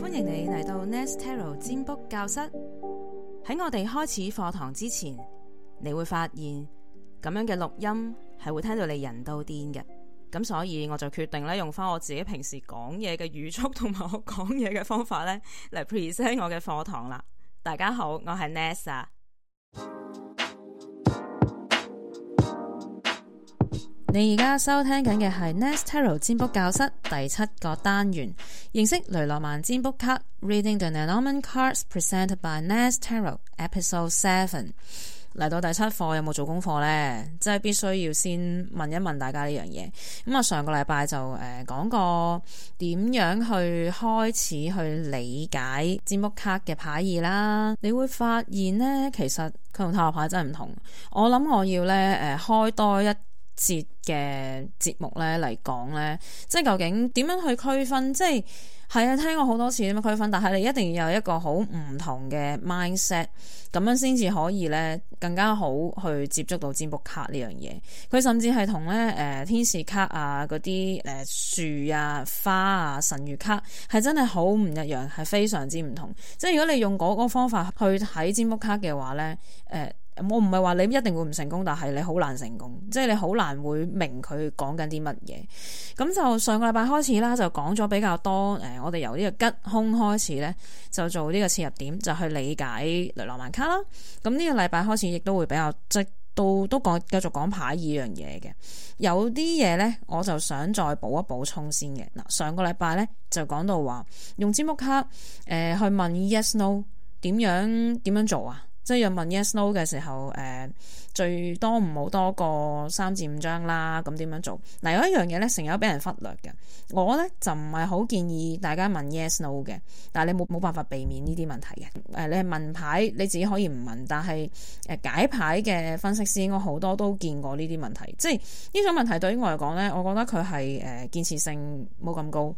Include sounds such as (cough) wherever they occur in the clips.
歡迎你嚟到 Nest Tarot 佔卜教室。喺我哋開始課堂之前，你會發現咁樣嘅錄音係會聽到你人都癲嘅。咁所以我就決定咧用返我自己平時講嘢嘅語速同埋我講嘢嘅方法咧嚟 present 我嘅課堂啦。大家好，我係 Nesta。你而家收聽緊嘅係 Nest Tarot 佔卜教室第七個單元。認識雷諾曼占卜卡，Reading the Lenormand Cards presented by Naz Tarot，Episode Seven。嚟到第七課，有冇做功課呢？即係必須要先問一問大家呢樣嘢。咁、嗯、啊，我上個禮拜就誒講過點樣去開始去理解占卜卡嘅牌意啦。你會發現呢，其實佢同塔羅牌真係唔同。我諗我要咧誒、呃、開多一節嘅節目咧嚟講咧，即係究竟點樣去區分？即係係啊，聽過好多次點樣區分，但係你一定要有一個好唔同嘅 mindset，咁樣先至可以咧更加好去接觸到占卜卡呢樣嘢。佢甚至係同咧誒天使卡啊、嗰啲誒樹啊、花啊、神諭卡係真係好唔一樣，係非常之唔同。即係如果你用嗰個方法去睇占卜卡嘅話咧，誒、呃。我唔係話你一定會唔成功，但係你好難成功，即係你好難會明佢講緊啲乜嘢。咁就上個禮拜開始啦，就講咗比較多誒、呃，我哋由呢個吉凶開始咧，就做呢個切入點，就去理解雷諾曼卡啦。咁呢個禮拜開始亦都會比較即到都講,都講繼續講牌依樣嘢嘅。有啲嘢咧，我就想再補一補充先嘅嗱。上個禮拜咧就講到話用詹姆卡誒、呃、去問 yes no 點樣點樣做啊？即係要問 yes/no 嘅時候，誒、呃、最多唔好多過三至五張啦。咁點樣，樣做嗱？有一樣嘢咧，成日俾人忽略嘅，我咧就唔係好建議大家問 yes/no 嘅。但係你冇冇辦法避免呢啲問題嘅誒、呃？你係問牌，你自己可以唔問，但係誒解牌嘅分析師，應該好多都見過呢啲問題，即係呢種問題對於我嚟講咧，我覺得佢係誒建設性冇咁高。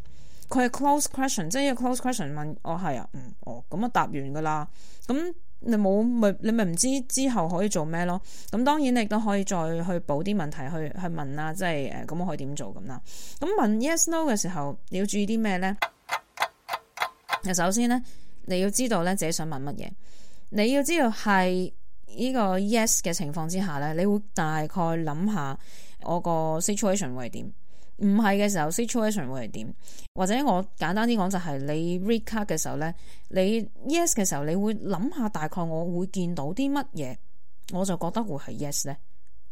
佢係 close question，即係呢個 close question 問我係、哦、啊，嗯哦咁我答完噶啦咁。嗯你冇咪你咪唔知之後可以做咩咯？咁當然你都可以再去補啲問題去去問啦，即係誒咁我可以點做咁啦。咁問 yes no 嘅時候，你要注意啲咩咧？首先咧，你要知道咧自己想問乜嘢，你要知道係呢個 yes 嘅情況之下咧，你會大概諗下我個 situation 會係點。唔係嘅時候 situation 會係點？或者我簡單啲講就係、是、你 read card 嘅時候呢，你 yes 嘅時候你會諗下大概我會見到啲乜嘢，我就覺得會係 yes 呢。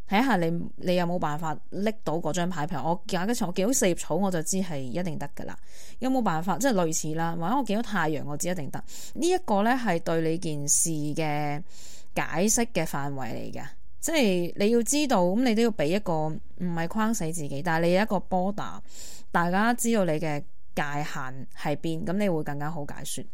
睇下你你有冇辦法拎到嗰張牌？譬如我揀嘅草，我見到四葉草我就知係一定得噶啦。有冇辦法？即係類似啦，或者我見到太陽我知一定得。呢一個呢，係對你件事嘅解釋嘅範圍嚟嘅。即係你要知道，咁你都要俾一個唔係框死自己，但係你有一個 border，大家知道你嘅界限喺邊，咁你會更加好解説。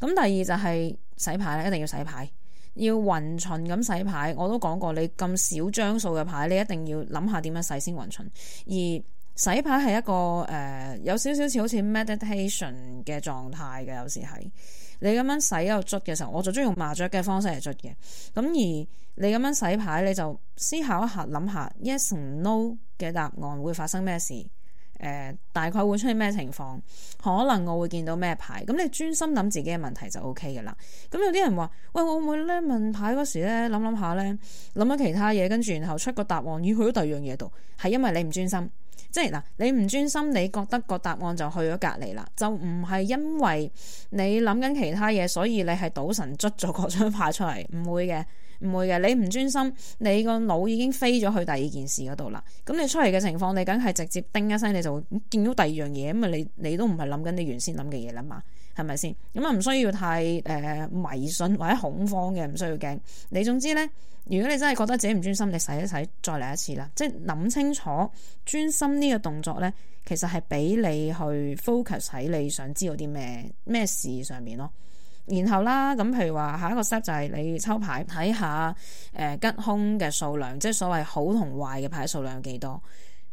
咁第二就係洗牌咧，一定要洗牌，要勻襯咁洗牌。我都講過，你咁少張數嘅牌，你一定要諗下點樣洗先勻襯。而洗牌係一個誒、呃，有少少似好似 meditation 嘅狀態嘅，有時係。你咁樣洗喺度捽嘅時候，我就中意用麻雀嘅方式嚟捽嘅。咁而你咁樣洗牌，你就思考一下，諗下 yes no 嘅答案會發生咩事？誒、呃，大概會出現咩情況？可能我會見到咩牌？咁你專心諗自己嘅問題就 O K 嘅啦。咁有啲人話，喂，我會咧問牌嗰時咧諗諗下咧諗緊其他嘢，跟住然後出個答案，咦，去到第二樣嘢度，係因為你唔專心。即係嗱，你唔專心，你覺得個答案就去咗隔離啦，就唔係因為你諗緊其他嘢，所以你係賭神卒咗嗰張牌出嚟，唔會嘅，唔會嘅，你唔專心，你個腦已經飛咗去第二件事嗰度啦，咁你出嚟嘅情況，你梗係直接叮一聲，你就會見到第二樣嘢，咁啊你你都唔係諗緊你原先諗嘅嘢啦嘛。係咪先？咁啊，唔需要太誒、呃、迷信或者恐慌嘅，唔需要驚。你總之咧，如果你真係覺得自己唔專心，你洗一洗，再嚟一次啦。即係諗清楚專心呢個動作咧，其實係俾你去 focus 喺你想知道啲咩咩事上面咯。然後啦，咁譬如話下一個 step 就係你抽牌睇下誒吉凶嘅數量，即係所謂好同壞嘅牌數量有幾多。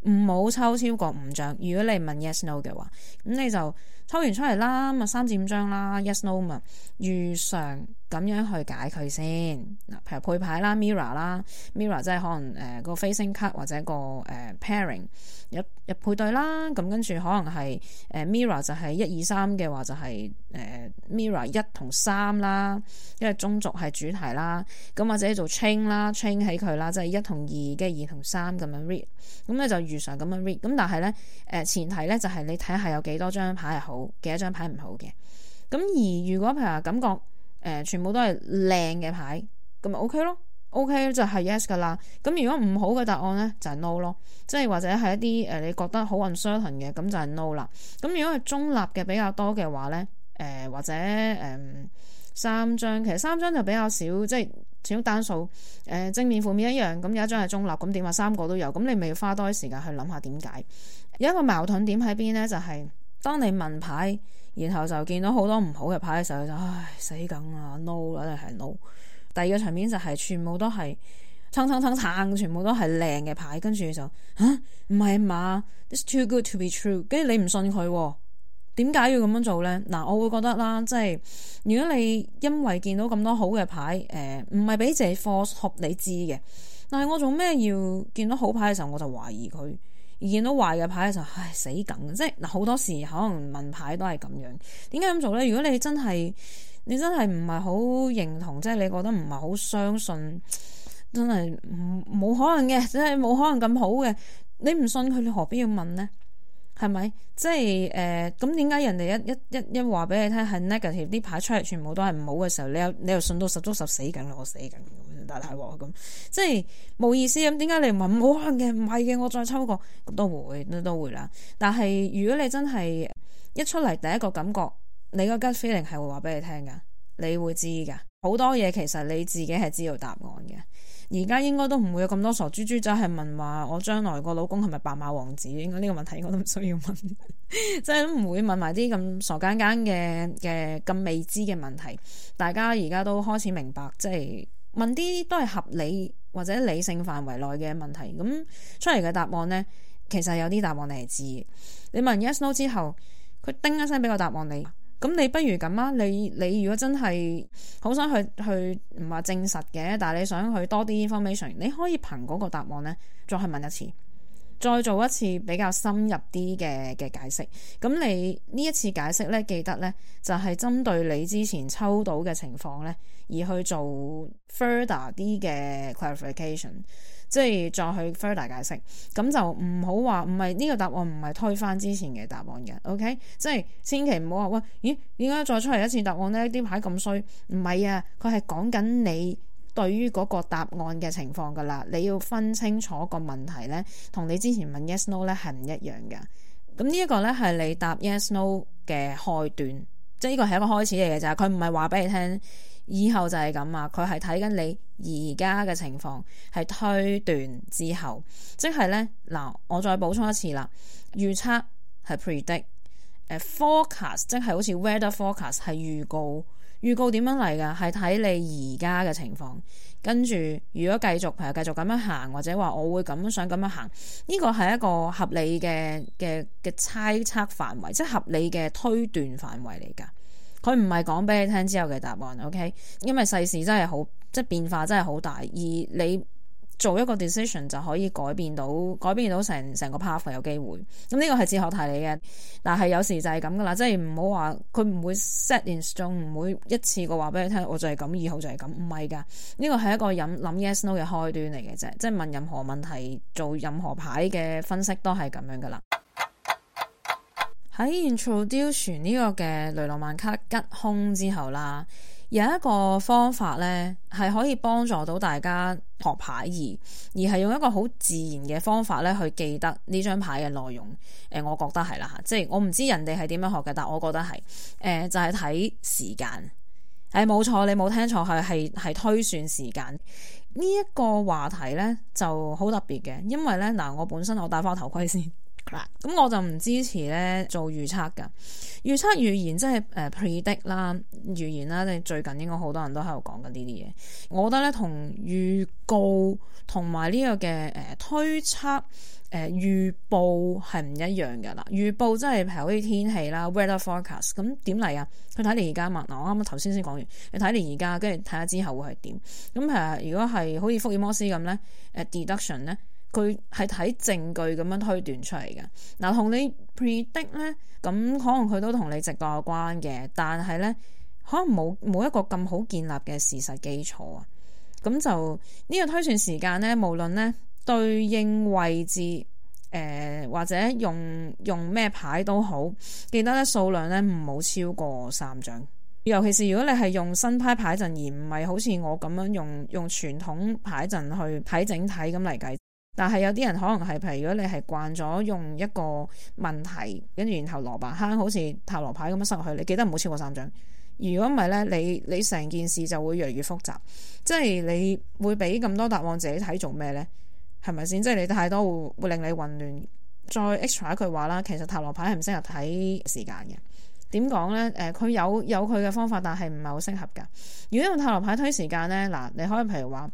唔好抽超過五張。如果你問 yes no 嘅話，咁你就。抽完出嚟啦，啊三至五張啦，yes no 咪如常咁樣去解佢先。嗱，譬如配牌 Mira, 啦，mirror 啦，mirror 即係可能誒、呃那個 facing card 或者個誒、呃、pairing 入入配對啦，咁跟住可能係誒、呃、mirror 就係一二三嘅話就係誒 mirror 一同三啦，因為中軸係主題啦，咁或者做 chain 啦，chain 起佢啦，就是、2, 即係一同二跟二同三咁樣 read，咁咧就如常咁樣 read，咁但係咧誒前提咧就係你睇下有幾多張牌係好。嘅一張牌唔好嘅？咁而如果譬如話感覺誒、呃，全部都係靚嘅牌，咁咪 OK 咯？OK 就係 yes 噶啦。咁如果唔好嘅答案咧，就係、是、no 咯。即係或者係一啲誒、呃，你覺得好 unsure 嘅，咁就係 no 啦。咁如果係中立嘅比較多嘅話咧，誒、呃、或者誒、呃、三張，其實三張就比較少，即係只用單數。誒、呃、正面負面一樣，咁有一張係中立，咁點話三個都有？咁你咪要花多啲時間去諗下點解？有一個矛盾點喺邊咧，就係、是。當你問牌，然後就見到好多唔好嘅牌嘅時候，就唉死梗啦，no 啦，定係 no。第二個場面就係全部都係撐撐撐撐，全部都係靚嘅牌，跟住就吓唔係嘛？This too good to be true、哦。跟住你唔信佢，點解要咁樣做咧？嗱，我會覺得啦，即係如果你因為見到咁多好嘅牌，誒唔係俾邪貨學你知嘅，但係我做咩要見到好牌嘅時候我就懷疑佢？見到壞嘅牌嘅時候唉死梗，即係嗱好多時可能問牌都係咁樣。點解咁做咧？如果你真係你真係唔係好認同，即係你覺得唔係好相信，真係唔冇可能嘅，真係冇可能咁好嘅。你唔信佢，你何必要問呢？係咪？即係誒，咁點解人哋一一一一話俾你聽係 negative 啲牌出嚟，全部都係唔好嘅時候，你又你又信到十足十死梗，我死梗？大太鑊咁，即係冇意思。咁點解你唔問唔好嘅，唔係嘅？我再抽個都會都會啦。但係如果你真係一出嚟，第一個感覺你個吉 feeling 係會話俾你聽噶，你會知噶。好多嘢其實你自己係知道答案嘅。而家應該都唔會有咁多傻豬豬就係問話。我將來個老公係咪白馬王子？應該呢個問題我都唔需要問， (laughs) 即係都唔會問埋啲咁傻更更嘅嘅咁未知嘅問題。大家而家都開始明白，即係。問啲都係合理或者理性範圍內嘅問題，咁出嚟嘅答案呢，其實有啲答案你係知嘅。你問 Yes No 之後，佢叮一聲俾個答案你，咁你不如咁啊？你你，如果真係好想去去唔話證實嘅，但係你想去多啲 information，你可以憑嗰個答案呢，再去問一次。再做一次比較深入啲嘅嘅解釋，咁你呢一次解釋咧，記得咧就係針對你之前抽到嘅情況咧而去做 further 啲嘅 clarification，即係再去 further 解釋，咁就唔好話唔係呢個答案唔係推翻之前嘅答案嘅，OK？即係千祈唔好話哇，咦？點解再出嚟一次答案咧？啲牌咁衰，唔係啊，佢係講緊你。對於嗰個答案嘅情況噶啦，你要分清楚個問題咧，同你之前問 yes no 咧係唔一樣嘅。咁呢一個咧係你答 yes no 嘅開端，即係呢個係一個開始嚟嘅咋。佢唔係話俾你聽以後就係咁啊，佢係睇緊你而家嘅情況係推斷之後，即係咧嗱，我再補充一次啦，預測係 predict，誒、呃、forecast，即係好似 weather forecast 係預告。預告點樣嚟㗎？係睇你而家嘅情況，跟住如果繼續，譬如繼續咁樣行，或者話我會咁樣想咁樣行，呢個係一個合理嘅嘅嘅猜測範圍，即係合理嘅推斷範圍嚟㗎。佢唔係講俾你聽之後嘅答案，OK？因為世事真係好，即係變化真係好大，而你。做一個 decision 就可以改變到改變到成成個 path 嘅有機會，咁呢個係哲學題嚟嘅，但係有時就係咁噶啦，即係唔好話佢唔會 set in stone，唔會一次過話俾你聽，我就係咁，以後就係咁，唔係噶，呢個係一個飲諗 yes no 嘅開端嚟嘅啫，即係問任何問題，做任何牌嘅分析都係咁樣噶啦。喺 introduction 呢個嘅雷諾曼卡吉空之後啦。有一個方法呢，係可以幫助到大家學牌，而而係用一個好自然嘅方法呢，去記得呢張牌嘅內容。誒，我覺得係啦，即係我唔知人哋係點樣學嘅，但我覺得係誒、呃、就係、係、睇時間。誒、欸，冇錯，你冇聽錯，係係推算時間呢一個話題咧就好特別嘅，因為呢，嗱，我本身我戴翻頭盔先。嗱，咁我就唔支持咧做預測噶預測預言即係誒 predict 啦，預言啦，即係、呃、最近應該好多人都喺度講緊呢啲嘢。我覺得咧，同預告同埋呢個嘅誒、呃、推測誒預報係唔一樣嘅啦。預報即係譬如好似天氣啦，weather forecast。咁點嚟啊？佢睇你而家嘛？嗱，我啱啱頭先先講完，你睇你而家，跟住睇下之後會係點。咁、嗯、誒、呃，如果係好似福爾摩斯咁咧，誒 deduction 咧。佢係睇證據咁樣推斷出嚟嘅。嗱，同你 predict 呢，咁，可能佢都同你直覺有關嘅，但係呢，可能冇冇一個咁好建立嘅事實基礎啊。咁就呢、呢個推算時間呢，無論呢對應位置誒、呃，或者用用咩牌都好，記得咧數量呢唔好超過三張。尤其是如果你係用新派牌陣，而唔係好似我咁樣用用傳統牌陣去睇整體咁嚟計。但係有啲人可能係譬如，如果你係慣咗用一個問題，跟住然後蘿蔔坑好似塔羅牌咁樣塞落去，你記得唔好超過三張。如果唔係咧，你你成件事就會越嚟越複雜。即係你會俾咁多答案自己睇做咩咧？係咪先？即係你太多會，會令你混亂。再 extra 一句話啦，其實塔羅牌係唔適合睇時間嘅。點講咧？誒、呃，佢有有佢嘅方法，但係唔係好適合㗎。如果用塔羅牌推時間咧，嗱，你可以譬如話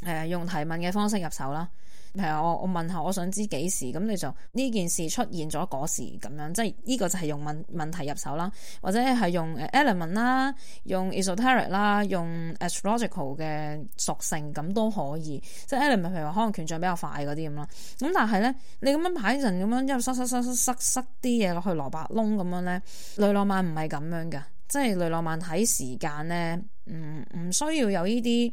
誒、呃、用提問嘅方式入手啦。譬如我我問下，我想知幾時咁你就呢件事出現咗嗰時咁樣，即係呢、這個就係用問問題入手啦，或者係用 element 啦，用 esoteric 啦，用 astrological 嘅屬性咁都可以，即係、e、element 譬如話可能權杖比較快嗰啲咁啦。咁但係咧，你咁樣排陣咁樣，樣，一路塞塞塞塞塞啲嘢落去蘿蔔窿咁樣咧，雷諾曼唔係咁樣㗎。即係雷諾曼睇時間咧，唔、嗯、唔需要有呢啲誒。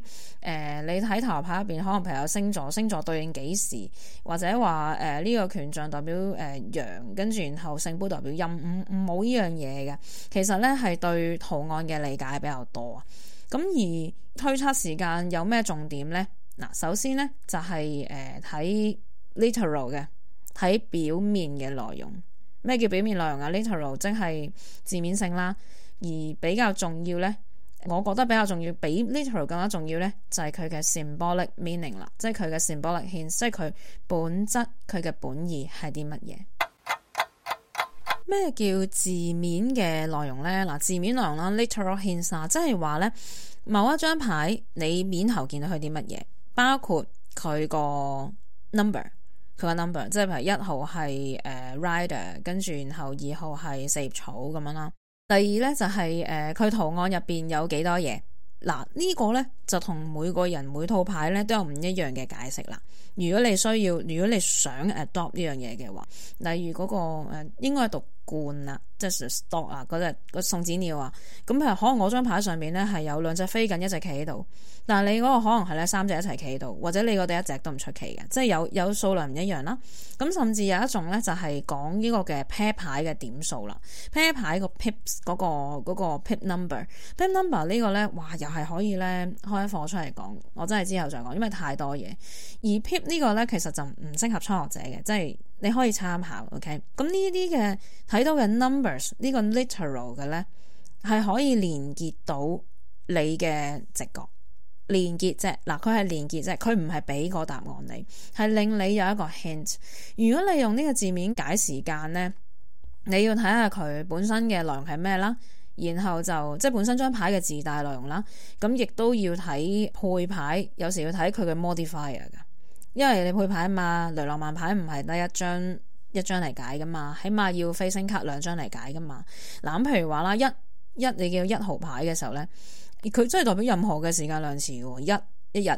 你睇塔羅牌入邊可能譬，如譬如有星座，星座對應幾時，或者話誒呢個權杖代表誒陽，跟、呃、住然後聖杯代表陰，唔唔冇呢樣嘢嘅。其實咧係對圖案嘅理解比較多啊。咁而推測時間有咩重點咧？嗱，首先咧就係誒睇 literal 嘅，睇、呃、表面嘅內容。咩叫表面內容啊？literal 即係字面性啦。而比較重要咧，我覺得比較重要，比 literal 更加重要咧，就係、是、佢嘅 symbolic meaning 啦，即係佢嘅 symbolic hint，即係佢本質，佢嘅本意係啲乜嘢？咩 (noise) 叫字面嘅內容咧？嗱，字面內容啦，literal hint，即係話咧，某一張牌你面後見到佢啲乜嘢，包括佢個 number，佢個 number，即係譬如一號係誒 Rider，跟住然後二號係四葉草咁樣啦。第二咧就係誒佢圖案入邊有幾多嘢，嗱、這個、呢個咧就同每個人每套牌咧都有唔一樣嘅解釋啦。如果你需要，如果你想 adopt 呢樣嘢嘅話，例如嗰、那個誒、呃、應該係讀。罐啊，即係 store 啊，嗰隻個送紙尿啊，咁譬如可能我張牌上面咧係有兩隻飛緊一齊企喺度，但係你嗰個可能係咧三隻一齊企喺度，或者你嗰啲一隻都唔出奇嘅，即係有有數量唔一樣啦。咁甚至有一種咧就係講呢個嘅 pair 牌嘅點數啦，pair 牌個 pips 嗰個嗰個 pip number，pip number 呢個咧，哇，又係可以咧開一課出嚟講，我真係之後再講，因為太多嘢。而 pip 呢個咧其實就唔適合初學者嘅，即係。你可以參考，OK？咁呢啲嘅睇到嘅 numbers 呢個 literal 嘅咧，係可以連結到你嘅直覺，連結啫。嗱，佢係連結啫，佢唔係俾個答案你，係令你有一個 hint。如果你用呢個字面解時間咧，你要睇下佢本身嘅內容係咩啦，然後就即係本身張牌嘅字帶內容啦。咁亦都要睇配牌，有時要睇佢嘅 modifier 嘅。因為你配牌嘛，雷諾曼牌唔係得一張一張嚟解噶嘛，起碼要飛星卡兩張嚟解噶嘛。嗱，譬如話啦，一一你叫一號牌嘅時候咧，佢真係代表任何嘅時間量詞，一一日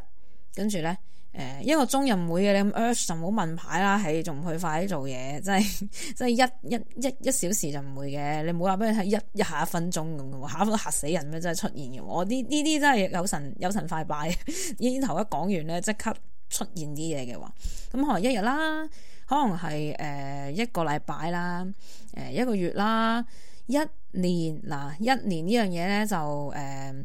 跟住咧，誒一個鐘又唔會嘅，你咁就唔好問牌啦，嘿，仲唔去快啲做嘢？真係真係一一一一小時就唔會嘅，你冇話俾你睇一一下一分鐘嚇，都嚇死人咩？真係出現嘅，我呢呢啲真係有神有神快拜。煙頭一講完咧即刻，出現啲嘢嘅話，咁可能一日啦，可能係誒一個禮拜啦，誒一個月啦，一年，嗱，一年呢樣嘢咧，就誒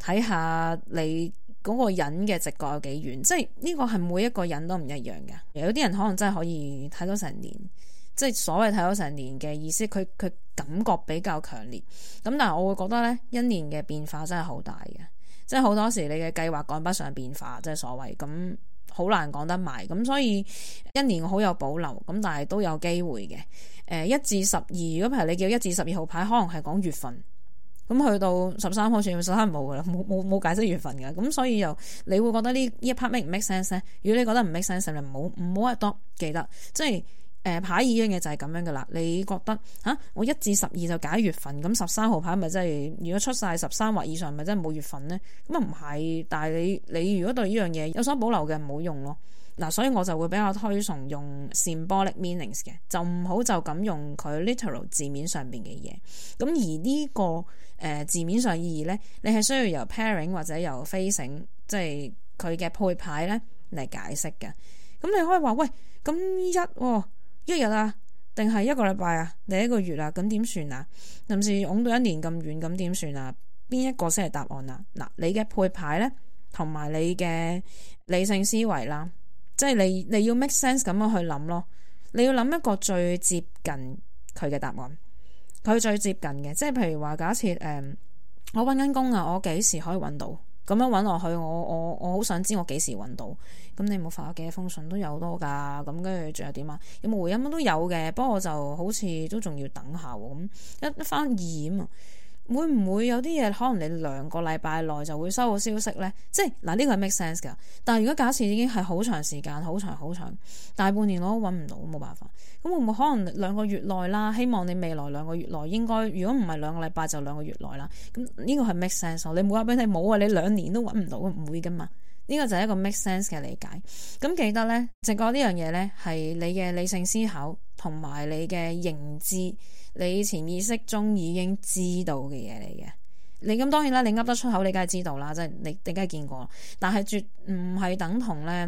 睇下你嗰個人嘅直覺有幾遠，即係呢個係每一個人都唔一樣嘅。有啲人可能真係可以睇到成年，即係所謂睇到成年嘅意思，佢佢感覺比較強烈。咁但係我會覺得咧，一年嘅變化真係好大嘅，即係好多時你嘅計劃趕不上變化，即係所謂咁。好難講得埋，咁所以一年我好有保留，咁但係都有機會嘅。誒、呃、一至十二，如果譬如你叫一至十二號牌，可能係講月份，咁去到十三號算十三冇噶啦，冇冇冇解釋月份㗎。咁所以又你會覺得呢呢一 part make 唔 make sense 咧？如果你覺得唔 make sense，你唔好唔好入多記得，即係。誒牌依樣嘢就係咁樣噶啦。你覺得嚇我一至十二就解月份，咁十三號牌咪，真係？如果出晒十三或以上，咪真係冇月份呢？咁啊，唔係，但係你你如果對呢樣嘢有所保留嘅，唔好用咯嗱。所以我就會比較推崇用 symbolic meanings 嘅，就唔好就咁用佢 literal 字面上邊嘅嘢。咁而呢個誒字面上意義呢，你係需要由 pairing 或者由 facing 即係佢嘅配牌呢嚟解釋嘅。咁你可以話喂，咁一。一日啊，定係一個禮拜啊，你一個月啊？咁點算啊？甚至拱到一年咁遠，咁點算啊？邊一個先係答案啊？嗱，你嘅配牌咧，同埋你嘅理性思維啦，即係你你要 make sense 咁樣去諗咯。你要諗一個最接近佢嘅答案，佢最接近嘅，即係譬如話假設誒、呃，我搵緊工啊，我幾時可以搵到？咁樣揾落去，我我我好想知我幾時揾到。咁你冇發咗幾多封信都有多㗎，咁跟住仲有點啊？有冇回音都有嘅，不過我就好似都仲要等下喎。咁一一翻二啊。會唔會有啲嘢可能你兩個禮拜內就會收到消息呢？即係嗱，呢個係 make sense 噶。但係如果假設已經係好長時間，好長好長，大半年我都揾唔到，冇辦法。咁會唔會可能兩個月內啦？希望你未來兩個月內應該，如果唔係兩個禮拜就兩個月內啦。咁呢個係 make sense。你冇話俾你冇啊，你兩年都揾唔到，唔會噶嘛。呢個就係一個 make sense 嘅理解。咁記得呢，直覺呢樣嘢呢，係你嘅理性思考同埋你嘅認知。你潛意識中已經知道嘅嘢嚟嘅，你咁當然啦，你噏得出口，你梗係知道啦，即係你，你梗係見過，但係絕唔係等同咧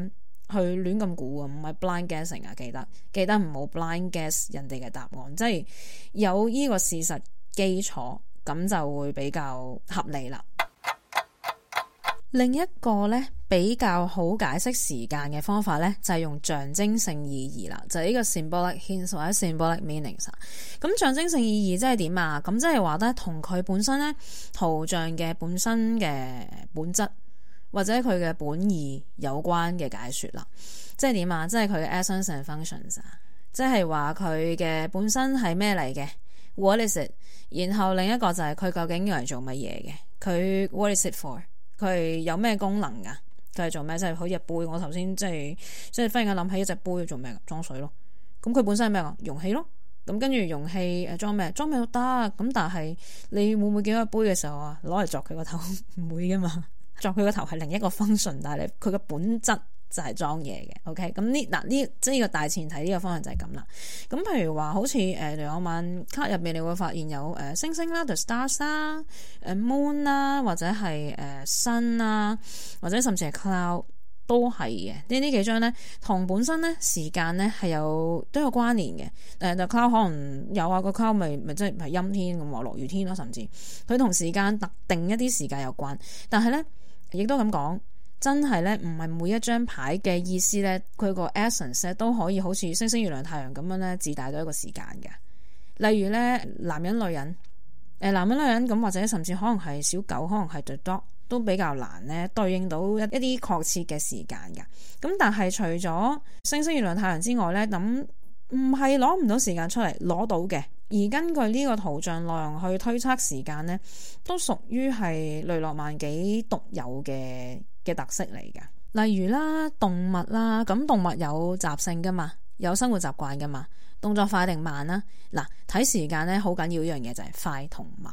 去亂咁估啊，唔係 blind guessing 啊，記得記得唔好 blind guess 人哋嘅答案，即係有呢個事實基礎，咁就會比較合理啦。另一個咧比較好解釋時間嘅方法咧，就係、是、用象徵性意義啦，就係、是、呢個 symbolic sign 或者 symbolic meanings、啊。s、嗯、咁象徵性意義即係點啊？咁即係話咧，同佢本身咧圖像嘅本身嘅本質或者佢嘅本意有關嘅解說啦。即係點啊？即係佢嘅 essence and functions 啊，即係話佢嘅本身係咩嚟嘅？What is it？然後另一個就係佢究竟用嚟做乜嘢嘅？佢 What is it for？佢係有咩功能噶？佢係做咩？即係好似杯，我頭先、即係、即係即係忽然間諗起一隻杯做咩？裝水咯。咁佢本身係咩？容器咯。咁跟住容器誒裝咩？裝咩都得。咁但係你會唔會見到杯嘅時候啊，攞嚟鑿佢個頭？唔 (laughs) 會噶嘛。鑿佢個頭係另一個 function，但係佢嘅本質。就係裝嘢嘅，OK？咁呢嗱呢，即係呢個大前提呢個方向就係咁啦。咁譬如話，好似誒 Lenormand 卡入面，你會發現有誒、呃、星星啦、啊、the stars 啦、啊、誒 moon 啦、啊，或者係誒 sun 啦，呃啊、cloud，或者甚至係 cloud 都係嘅。張呢呢幾張咧，同本身咧時間咧係有都有關聯嘅。誒、呃、the cloud 可能有啊，個 cloud 咪咪即係唔係陰天咁啊，落雨天咯，甚至佢同時間特定一啲時間有關。但係咧，亦都咁講。真係咧，唔係每一張牌嘅意思咧。佢個 essence 咧都可以好似星星、月亮、太陽咁樣咧，自帶到一個時間嘅。例如咧，男人、女人，誒、呃，男人、女人咁，或者甚至可能係小狗，可能係對多都比較難咧，對應到一一啲確切嘅時間噶。咁但係除咗星星、月亮、太陽之外咧，咁唔係攞唔到時間出嚟，攞到嘅。而根據呢個圖像內容去推測時間咧，都屬於係雷諾曼幾獨有嘅。嘅特色嚟噶，例如啦，動物啦，咁動物有習性噶嘛，有生活習慣噶嘛，動作快定慢啦、啊，嗱，睇時間咧好緊要一樣嘢就係快同慢，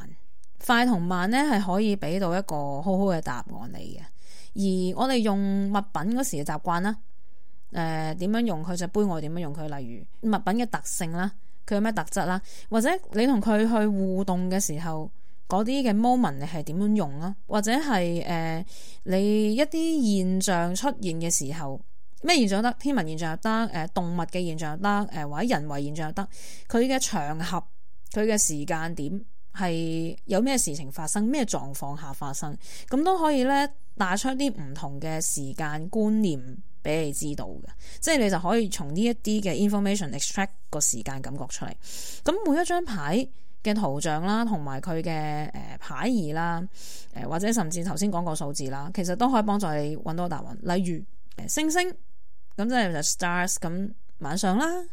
快同慢咧係可以俾到一個好好嘅答案你嘅，而我哋用物品嗰時嘅習慣啦，誒、呃，點樣用佢隻杯我點樣用佢，例如物品嘅特性啦、啊，佢有咩特質啦、啊，或者你同佢去互動嘅時候。嗰啲嘅 moment 你係點樣用啦？或者係誒、呃，你一啲現象出現嘅時候，咩現象得？天文現象又得？誒、呃，動物嘅現象又得？誒、呃，或者人為現象又得？佢嘅場合，佢嘅時間點係有咩事情發生？咩狀況下發生？咁都可以咧，帶出一啲唔同嘅時間觀念俾你知道嘅，即係你就可以從呢一啲嘅 information extract 個時間感覺出嚟。咁每一張牌嘅圖像啦，同埋佢嘅誒牌儀啦，誒或者甚至頭先講過數字啦，其實都可以幫助你揾到答案。例如誒、呃、星星咁，即係就 Stars 咁晚上啦。誒、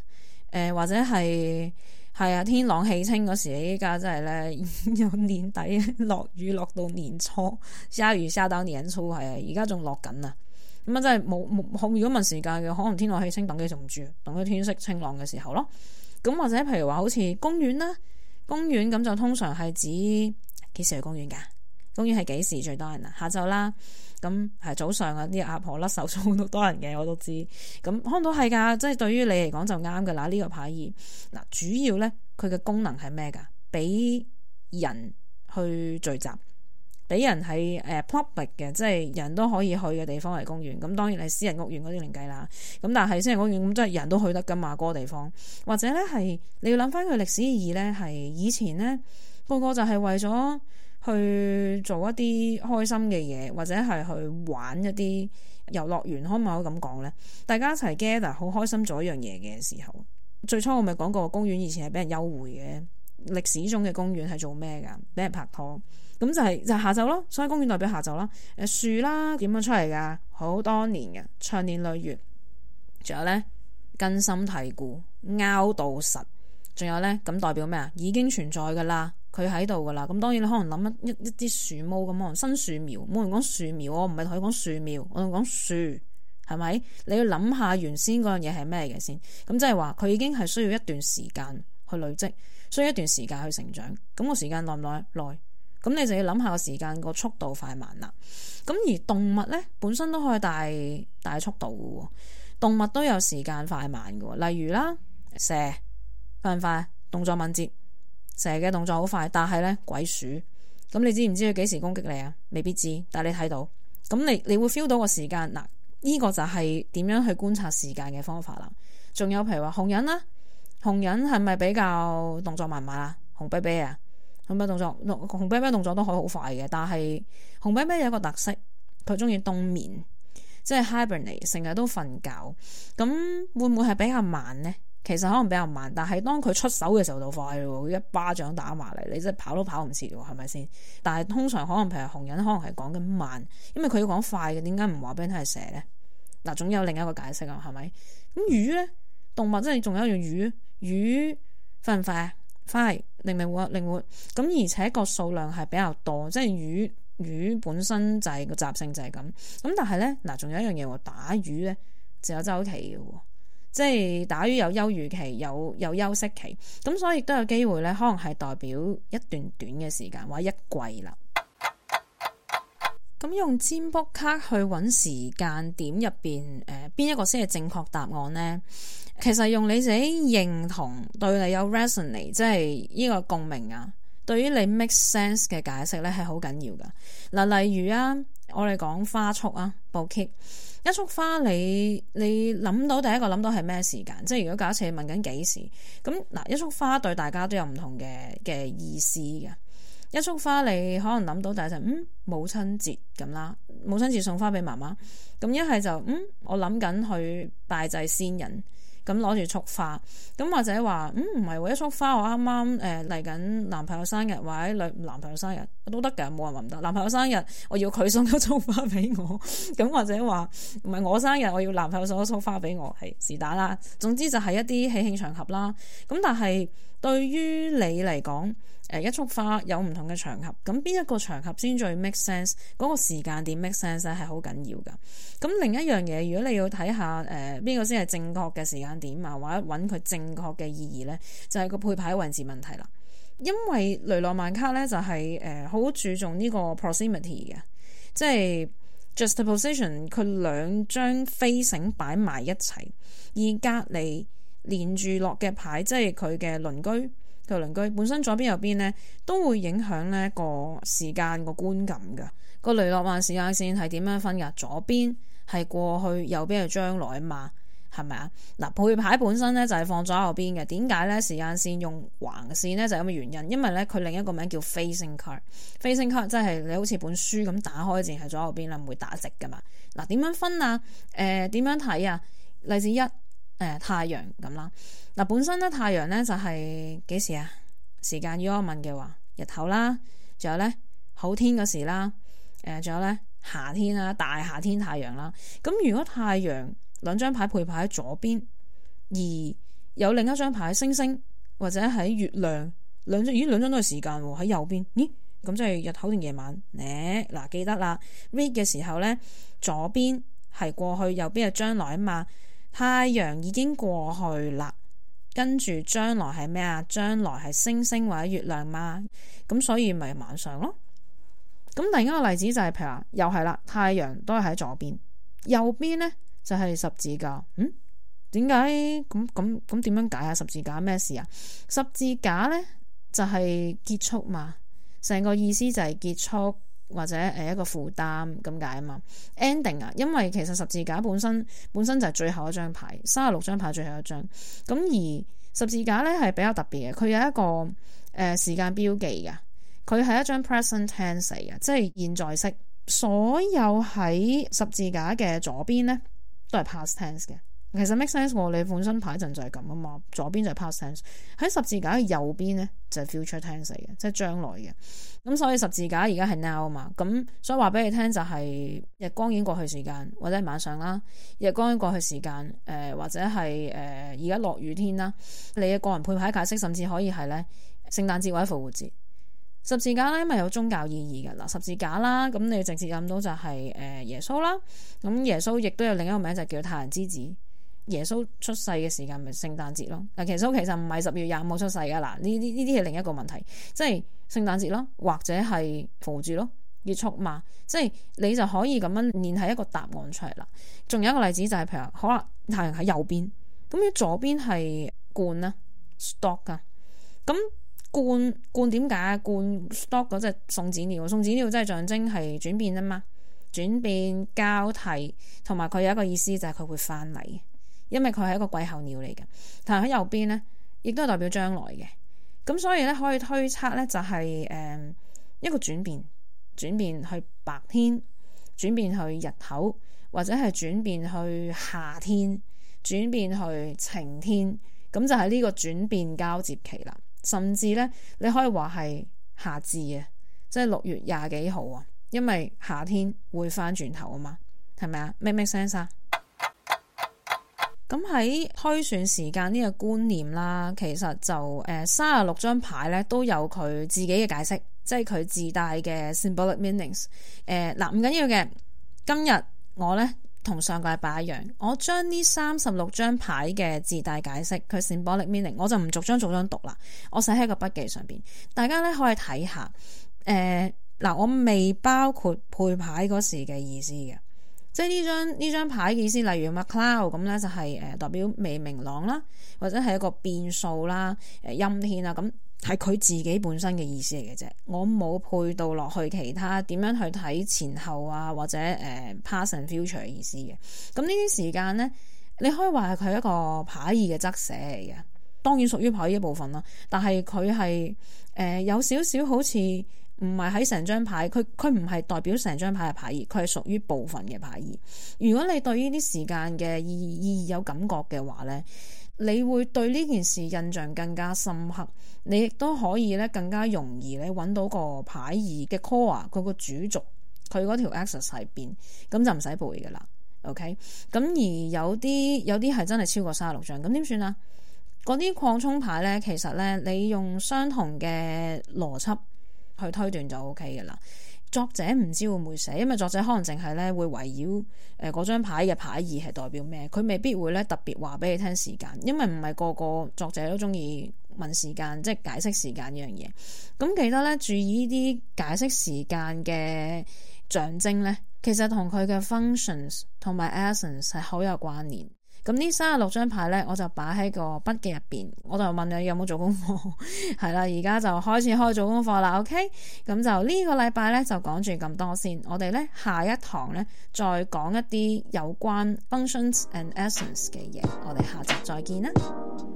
呃、或者係係啊，天朗氣清嗰時，依家真係咧有年底 (laughs) 落雨落到年初，下雨下到年初係啊，而家仲落緊啊。咁啊，真係冇冇如果問時間嘅，可能天朗氣清等佢仲唔住，等佢天色清朗嘅時候咯。咁或者譬如話，好似公園啦。公園咁就通常係指幾時去公園噶？公園係幾時最多人啊？下晝啦，咁、嗯、係早上啊啲阿婆甩手操都多人嘅，我都知。咁、嗯、可能都係噶，即係對於你嚟講就啱嘅啦。呢、這個牌意，嗱，主要咧佢嘅功能係咩噶？俾人去聚集。俾人係誒、uh, public 嘅，即係人都可以去嘅地方係公園。咁當然係私人屋苑嗰啲另計啦。咁但係私人屋苑咁即係人都去得噶嘛？個地方或者咧係你要諗翻佢歷史意義咧，係以前咧個個就係為咗去做一啲開心嘅嘢，或者係去玩一啲遊樂園，可唔可以咁講咧？大家一齊 gather 好開心做一樣嘢嘅時候，最初我咪講過公園以前係俾人幽會嘅，歷史中嘅公園係做咩噶？俾人拍拖。咁就係就下晝咯。所以公園代表下晝啦。誒，樹啦，點樣出嚟噶？好多年嘅，長年累月。仲有咧，根深蒂固，拗到實。仲有咧，咁代表咩啊？已經存在噶啦，佢喺度噶啦。咁當然你可能諗一一啲樹木咁可能新樹苗，冇人講樹苗，我唔係同你講樹苗，我同你講樹，係咪？你要諗下原先嗰樣嘢係咩嘅先。咁即係話佢已經係需要一段時間去累積，需要一段時間去成長。咁個時間耐唔耐？耐。咁你就要諗下時間個速度快慢啦。咁而動物咧，本身都可以大大速度喎，動物都有時間快慢嘅喎。例如啦，蛇快唔快？動作敏捷，蛇嘅動作好快。但係咧，鬼鼠，咁你知唔知佢幾時攻擊你啊？未必知，但你睇到，咁你你會 feel 到個時間嗱，呢個就係點樣去觀察時間嘅方法啦。仲有譬如話，紅人啦，紅人係咪比較動作慢慢啊？紅 baby 啊？咁樣動作，熊啤啤動作都可以好快嘅，但係熊啤啤有一個特色，佢中意冬眠，即係 hibernate，成日都瞓覺，咁會唔會係比較慢咧？其實可能比較慢，但係當佢出手嘅時候就快咯，佢一巴掌打埋嚟，你即係跑都跑唔切，係咪先？但係通常可能譬如紅人可能係講緊慢，因為佢要講快嘅，點解唔話俾人聽係蛇咧？嗱、啊，總有另一個解釋啊，係咪？咁魚咧，動物即係仲有一樣魚，魚快唔快快靈活靈活，咁而且個數量係比較多，即係魚魚本身就係個習性就係咁。咁但係咧，嗱，仲有一樣嘢喎，打魚咧就有週期嘅，即係打魚有休漁期，有有休息期，咁所以亦都有機會咧，可能係代表一段短嘅時間，或者一季啦。咁用占卜卡去揾時間點入邊，誒、呃、邊一個先係正確答案咧？其實用你自己認同、對你有 resonate，即係呢個共鳴啊，對於你 make sense 嘅解釋咧，係好緊要噶。嗱，例如啊，我哋講花束啊，bouquet 一束花你，你你諗到第一個諗到係咩時間？即係如果假設你問緊幾時，咁嗱一束花對大家都有唔同嘅嘅意思嘅。一束花，你可能諗到大係嗯母親節咁啦，母親節送花俾媽媽，咁一係就嗯我諗緊去拜祭先人，咁攞住束花，咁或者話嗯唔係為一束花，我啱啱誒嚟緊男朋友生日，或者女男朋友生日都得嘅，冇人話唔得。男朋友生日，友生日我要佢送一束花俾我，咁或者話唔係我生日，我要男朋友送一束花俾我，係是但啦。總之就係一啲喜慶場合啦，咁但係。對於你嚟講，誒一束花有唔同嘅場合，咁邊一個場合先最 make sense？嗰個時間點 make sense 係好緊要㗎。咁另一樣嘢，如果你要睇下誒邊、呃、個先係正確嘅時間點啊，或者揾佢正確嘅意義咧，就係、是、個配牌位置問題啦。因為雷諾曼卡咧就係誒好注重呢個 proximity 嘅，即係 just a position，佢兩張飛繩擺埋一齊，而隔籬。連住落嘅牌，即係佢嘅鄰居，佢鄰居本身左邊右邊呢都會影響呢個時間個觀感㗎。個雷諾曼時間線係點樣分㗎？左邊係過去，右邊係將來嘛？係咪啊？嗱，配牌本身呢就係、是、放咗右邊嘅。點解呢？時間線用橫線呢，就係咁、是、嘅原因。因為呢，佢另一個名叫飛星卡，飛星卡即係你好似本書咁打開，淨係左右邊啦，唔會打直㗎嘛。嗱、啊，點樣分啊？誒、呃，點樣睇啊？例子一。呃、太陽咁啦，嗱本身咧太陽咧就係幾時啊？時間如果問嘅話，日頭啦，仲有咧好天嗰時啦，誒、呃，仲有咧夏天啊，大夏天太陽啦。咁如果太陽兩張牌配排，喺左邊，而有另一張牌喺星星或者喺月亮，兩張咦，兩張都係時間喺右邊，咦？咁即係日頭定夜晚？誒、啊，嗱記得啦，read 嘅時候咧，左邊係過去，右邊係將來啊嘛。太陽已經過去啦，跟住將來係咩啊？將來係星星或者月亮嘛？咁所以咪晚上咯。咁另一個例子就係、是、譬如話，又係啦，太陽都係喺左邊，右邊呢就係、是、十字架。嗯，點解？咁咁咁點樣解啊？十字架咩事啊？十字架呢就係、是、結束嘛，成個意思就係結束。或者誒一個負擔咁解啊嘛，Ending 啊，End ing, 因為其實十字架本身本身就係最後一張牌，三十六張牌最後一張。咁而十字架咧係比較特別嘅，佢有一個誒時間標記嘅，佢係一張 present tense 嘅，即係現在式。所有喺十字架嘅左邊咧都係 past tense 嘅。其實 make sense 喎。哦，你本身牌陣就係咁噶嘛。左邊就係 past tense，喺十字架嘅右邊咧就係 future tense 嘅，即係將來嘅。咁所以十字架而家係 now 啊嘛，咁所以話俾你聽就係日光已經過去時間，或者係晚上啦。日光已經過去時間，誒、呃、或者係誒而家落雨天啦。你嘅個人配牌解釋甚至可以係咧聖誕節或者復活節十字架咧，因為有宗教意義嘅嗱十字架啦。咁你直接諗到就係誒耶穌啦。咁耶穌亦都有另一個名就叫、是、太陽之子。耶穌出世嘅時間咪聖誕節咯？嗱，其實其實唔係十月廿五號出世噶嗱。呢呢呢啲係另一個問題，即係聖誕節咯，或者係扶住咯結束嘛。即係你就可以咁樣練係一個答案出嚟啦。仲有一個例子就係、是、譬如可能太陽喺右邊，咁要左邊係鸛啦 stork 噶。咁鸛，鸛點解鸛 stork 嗰隻送子鳥，送子鳥真係象徵係轉變啊嘛，轉變交替，同埋佢有一個意思就係佢會翻嚟。因為佢係一個季候鳥嚟嘅，但係喺右邊咧，亦都係代表將來嘅。咁所以咧，可以推測咧、就是，就係誒一個轉變，轉變去白天，轉變去日頭，或者係轉變去夏天，轉變去晴天。咁就係呢個轉變交接期啦。甚至咧，你可以話係夏至啊，即係六月廿幾號啊，因為夏天會翻轉頭啊嘛，係咪啊？咩咩先生。咁喺推算時間呢個觀念啦，其實就誒三十六張牌咧都有佢自己嘅解釋，即係佢自帶嘅 symbolic meanings，呃。誒嗱唔緊要嘅，今日我咧同上個禮拜一樣，我將呢三十六張牌嘅自帶解釋，佢 symbolic meanings，我就唔逐張逐張讀啦，我寫喺個筆記上邊，大家咧可以睇下。誒、呃、嗱、呃，我未包括配牌嗰時嘅意思嘅。即係呢張呢張牌嘅意思，例如 macau 咁咧，就係誒代表未明朗啦，或者係一個變數啦，誒、呃、陰天啊，咁係佢自己本身嘅意思嚟嘅啫。我冇配到落去其他點樣去睇前後啊，或者誒、呃、past and future 嘅意思嘅。咁呢啲時間咧，你可以話係佢一個牌意嘅側寫嚟嘅，當然屬於牌意一部分啦。但係佢係誒有少少好似。唔係喺成張牌，佢，佢唔係代表成張牌嘅牌意，佢係屬於部分嘅牌意。如果你對呢啲時間嘅意義意義有感覺嘅話咧，你會對呢件事印象更加深刻。你亦都可以咧更加容易咧揾到個牌意嘅 core，佢個主軸，佢嗰條 axis 係邊，咁就唔使背㗎啦。OK，咁而有啲有啲係真係超過三十六張咁點算啊？嗰啲擴充牌咧，其實咧你用相同嘅邏輯。去推斷就 OK 嘅啦。作者唔知會唔會寫，因為作者可能淨係咧會圍繞誒嗰張牌嘅牌意係代表咩，佢未必會咧特別話俾你聽時間，因為唔係個個作者都中意問時間，即係解釋時間呢樣嘢。咁記得咧注意呢啲解釋時間嘅象徵咧，其實同佢嘅 functions 同埋 essence 係好有關聯。咁呢三十六張牌呢，我就擺喺個筆記入邊。我就問你有冇做功課？係 (laughs) 啦，而家就開始開始做功課啦。OK，咁就呢個禮拜呢，就講住咁多先。我哋呢下一堂呢，再講一啲有關 functions and essence 嘅嘢。我哋下集再見啦。